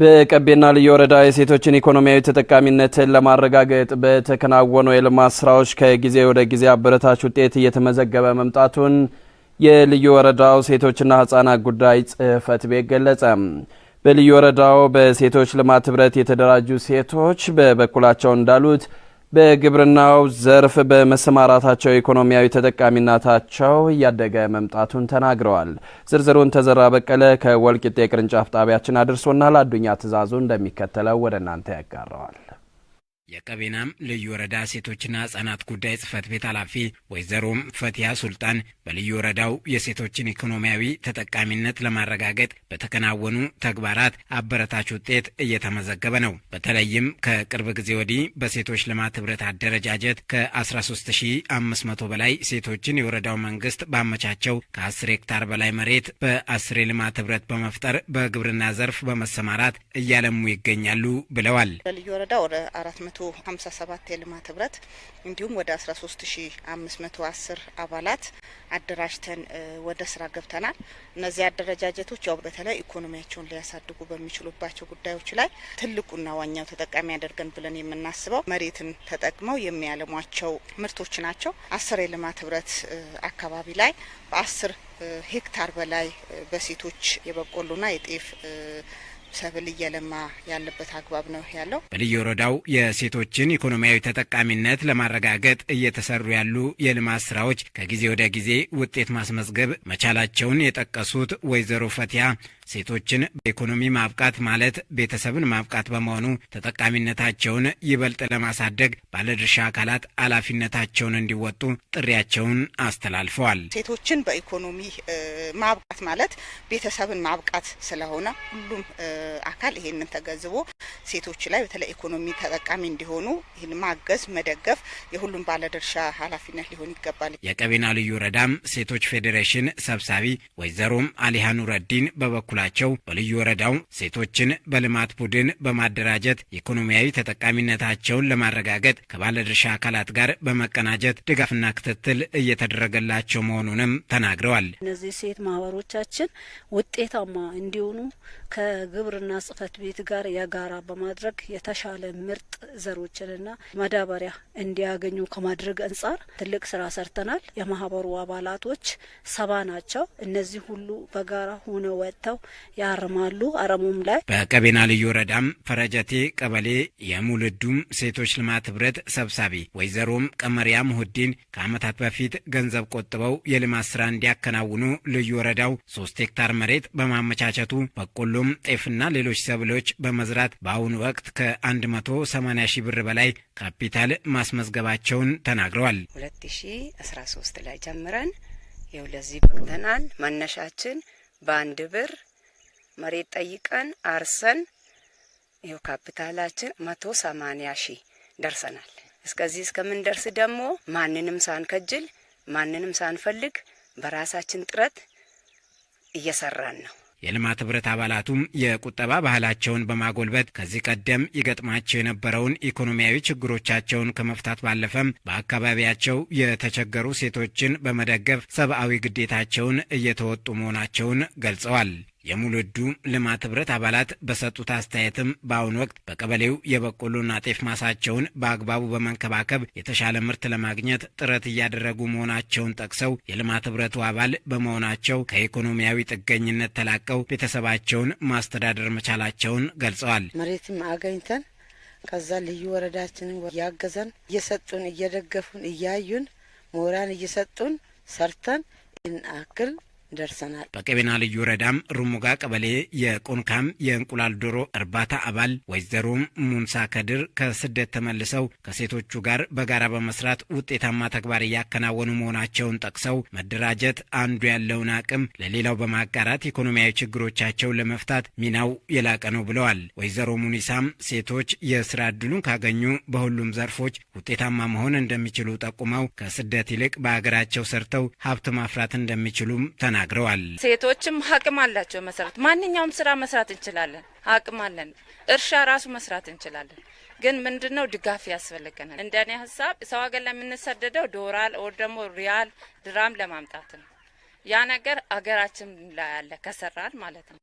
በቀቤና ልዩ ወረዳ የሴቶችን ኢኮኖሚያዊ ተጠቃሚነትን ለማረጋገጥ በተከናወኑ የልማት ስራዎች ከጊዜ ወደ ጊዜ አበረታች ውጤት እየተመዘገበ መምጣቱን የልዩ ወረዳው ሴቶችና ህጻናት ጉዳይ ጽህፈት ቤት ገለጸ። በልዩ ወረዳው በሴቶች ልማት ህብረት የተደራጁ ሴቶች በበኩላቸው እንዳሉት በግብርናው ዘርፍ በመሰማራታቸው ኢኮኖሚያዊ ተጠቃሚነታቸው እያደገ መምጣቱን ተናግረዋል። ዝርዝሩን ተዘራ በቀለ ከወልቂጤ ቅርንጫፍ ጣቢያችን አድርሶናል። አዱኛ ትእዛዙ እንደሚከተለው ወደ እናንተ ያጋረዋል። የቀቤናም ልዩ ወረዳ ሴቶችና ህጻናት ጉዳይ ጽህፈት ቤት ኃላፊ ወይዘሮም ፈቲያ ሱልጣን በልዩ ወረዳው የሴቶችን ኢኮኖሚያዊ ተጠቃሚነት ለማረጋገጥ በተከናወኑ ተግባራት አበረታች ውጤት እየተመዘገበ ነው። በተለይም ከቅርብ ጊዜ ወዲህ በሴቶች ልማት ህብረት አደረጃጀት ከ13500 በላይ ሴቶችን የወረዳው መንግስት ባመቻቸው ከ10 ሄክታር በላይ መሬት በ10 ልማት ህብረት በመፍጠር በግብርና ዘርፍ በመሰማራት እያለሙ ይገኛሉ ብለዋል። በልዩ ወረዳ ወደ 157 የልማት ህብረት እንዲሁም ወደ 13510 አባላት አደራጅተን ወደ ስራ ገብተናል። እነዚህ አደረጃጀቶች ያው በተለይ ኢኮኖሚያቸውን ሊያሳድጉ በሚችሉባቸው ጉዳዮች ላይ ትልቁና ዋኛው ተጠቃሚ ያደርገን ብለን የምናስበው መሬትን ተጠቅመው የሚያለሟቸው ምርቶች ናቸው። አስር የልማት ህብረት አካባቢ ላይ በአስር ሄክታር በላይ በሴቶች የበቆሎና የጤፍ ሰብል እየለማ ያለበት አግባብ ነው ያለው። በልዩ ወረዳው የሴቶችን ኢኮኖሚያዊ ተጠቃሚነት ለማረጋገጥ እየተሰሩ ያሉ የልማት ስራዎች ከጊዜ ወደ ጊዜ ውጤት ማስመዝገብ መቻላቸውን የጠቀሱት ወይዘሮ ፈቲያ ሴቶችን በኢኮኖሚ ማብቃት ማለት ቤተሰብን ማብቃት በመሆኑ ተጠቃሚነታቸውን ይበልጥ ለማሳደግ ባለድርሻ አካላት ኃላፊነታቸውን እንዲወጡ ጥሪያቸውን አስተላልፈዋል። ሴቶችን በኢኮኖሚ ማብቃት ማለት ቤተሰብን ማብቃት ስለሆነ ሁሉም አካል ይሄንን ተገንዝቦ ሴቶች ላይ በተለይ ኢኮኖሚ ተጠቃሚ እንዲሆኑ ይህን ማገዝ፣ መደገፍ የሁሉም ባለድርሻ ኃላፊነት ሊሆን ይገባል። የቀቤና ልዩ ወረዳም ሴቶች ፌዴሬሽን ሰብሳቢ ወይዘሮም አሊሃ ኑረዲን በበኩ በበኩላቸው በልዩ ወረዳው ሴቶችን በልማት ቡድን በማደራጀት የኢኮኖሚያዊ ተጠቃሚነታቸውን ለማረጋገጥ ከባለድርሻ አካላት ጋር በመቀናጀት ድጋፍና ክትትል እየተደረገላቸው መሆኑንም ተናግረዋል። እነዚህ ሴት ማህበሮቻችን ውጤታማ እንዲሆኑ ከግብርና ጽህፈት ቤት ጋር የጋራ በማድረግ የተሻለ ምርጥ ዘሮችንና ማዳበሪያ እንዲያገኙ ከማድረግ አንጻር ትልቅ ስራ ሰርተናል። የማህበሩ አባላቶች ሰባ ናቸው። እነዚህ ሁሉ በጋራ ሆነው ወጥተው ያርማሉ። አረሙም ላይ በቀቤና ልዩ ወረዳም ፈረጀቴ ቀበሌ የሙልዱም ሴቶች ልማት ህብረት ሰብሳቢ ወይዘሮም ቀመሪያ ሙሁዲን ከዓመታት በፊት ገንዘብ ቆጥበው የልማት ስራ እንዲያከናውኑ ልዩ ወረዳው ሶስት ሄክታር መሬት በማመቻቸቱ በቆሎም ጤፍና ሌሎች ሰብሎች በመዝራት በአሁኑ ወቅት ከ180 ሺህ ብር በላይ ካፒታል ማስመዝገባቸውን ተናግረዋል። 2013 ላይ ጀምረን ይኸው ለዚህ በቅተናል። መነሻችን በአንድ ብር መሬት ጠይቀን አርሰን ይኸው ካፒታላችን መቶ ሰማኒያ ሺህ ደርሰናል። እስከዚህ እስከምንደርስ ደግሞ ማንንም ሳንከጅል ማንንም ሳንፈልግ በራሳችን ጥረት እየሰራን ነው። የልማት ህብረት አባላቱም የቁጠባ ባህላቸውን በማጎልበት ከዚህ ቀደም ይገጥማቸው የነበረውን ኢኮኖሚያዊ ችግሮቻቸውን ከመፍታት ባለፈም በአካባቢያቸው የተቸገሩ ሴቶችን በመደገፍ ሰብአዊ ግዴታቸውን እየተወጡ መሆናቸውን ገልጸዋል። የሙሉዱ ልማት ህብረት አባላት በሰጡት አስተያየትም በአሁኑ ወቅት በቀበሌው የበቆሎና ጤፍ ማሳቸውን በአግባቡ በመንከባከብ የተሻለ ምርት ለማግኘት ጥረት እያደረጉ መሆናቸውን ጠቅሰው የልማት ህብረቱ አባል በመሆናቸው ከኢኮኖሚያዊ ጥገኝነት ተላቀው ቤተሰባቸውን ማስተዳደር መቻላቸውን ገልጸዋል። መሬትም አገኝተን ከዛ ልዩ ወረዳችንን ያገዘን እየሰጡን እየደገፉን እያዩን ምሁራን እየሰጡን ሰርተን ይህን ደርሰናል። በቀቤና ልዩ ወረዳም ሩሙጋ ቀበሌ የቁንካም የእንቁላል ዶሮ እርባታ አባል ወይዘሮ ሙንሳ ከድር ከስደት ተመልሰው ከሴቶቹ ጋር በጋራ በመስራት ውጤታማ ተግባር እያከናወኑ መሆናቸውን ጠቅሰው መደራጀት አንዱ ያለውን አቅም ለሌላው በማጋራት ኢኮኖሚያዊ ችግሮቻቸውን ለመፍታት ሚናው የላቀ ነው ብለዋል። ወይዘሮ ሙኒሳም ሴቶች የስራ እድሉን ካገኙ በሁሉም ዘርፎች ውጤታማ መሆን እንደሚችሉ ጠቁመው ከስደት ይልቅ በሀገራቸው ሰርተው ሀብት ማፍራት እንደሚችሉም ተናግረዋል። ተናግረዋል። ሴቶችም አቅም አላቸው መሰራት ማንኛውም ስራ መስራት እንችላለን። አቅም አለን። እርሻ ራሱ መስራት እንችላለን። ግን ምንድን ነው ድጋፍ ያስፈልገናል። እንደኔ ሀሳብ ሰው ሀገር ለምንሰደደው ዶራል ወር ደግሞ ሪያል ድራም ለማምጣት ነው። ያ ነገር አገራችን ላይ ያለ ከሰራል ማለት ነው።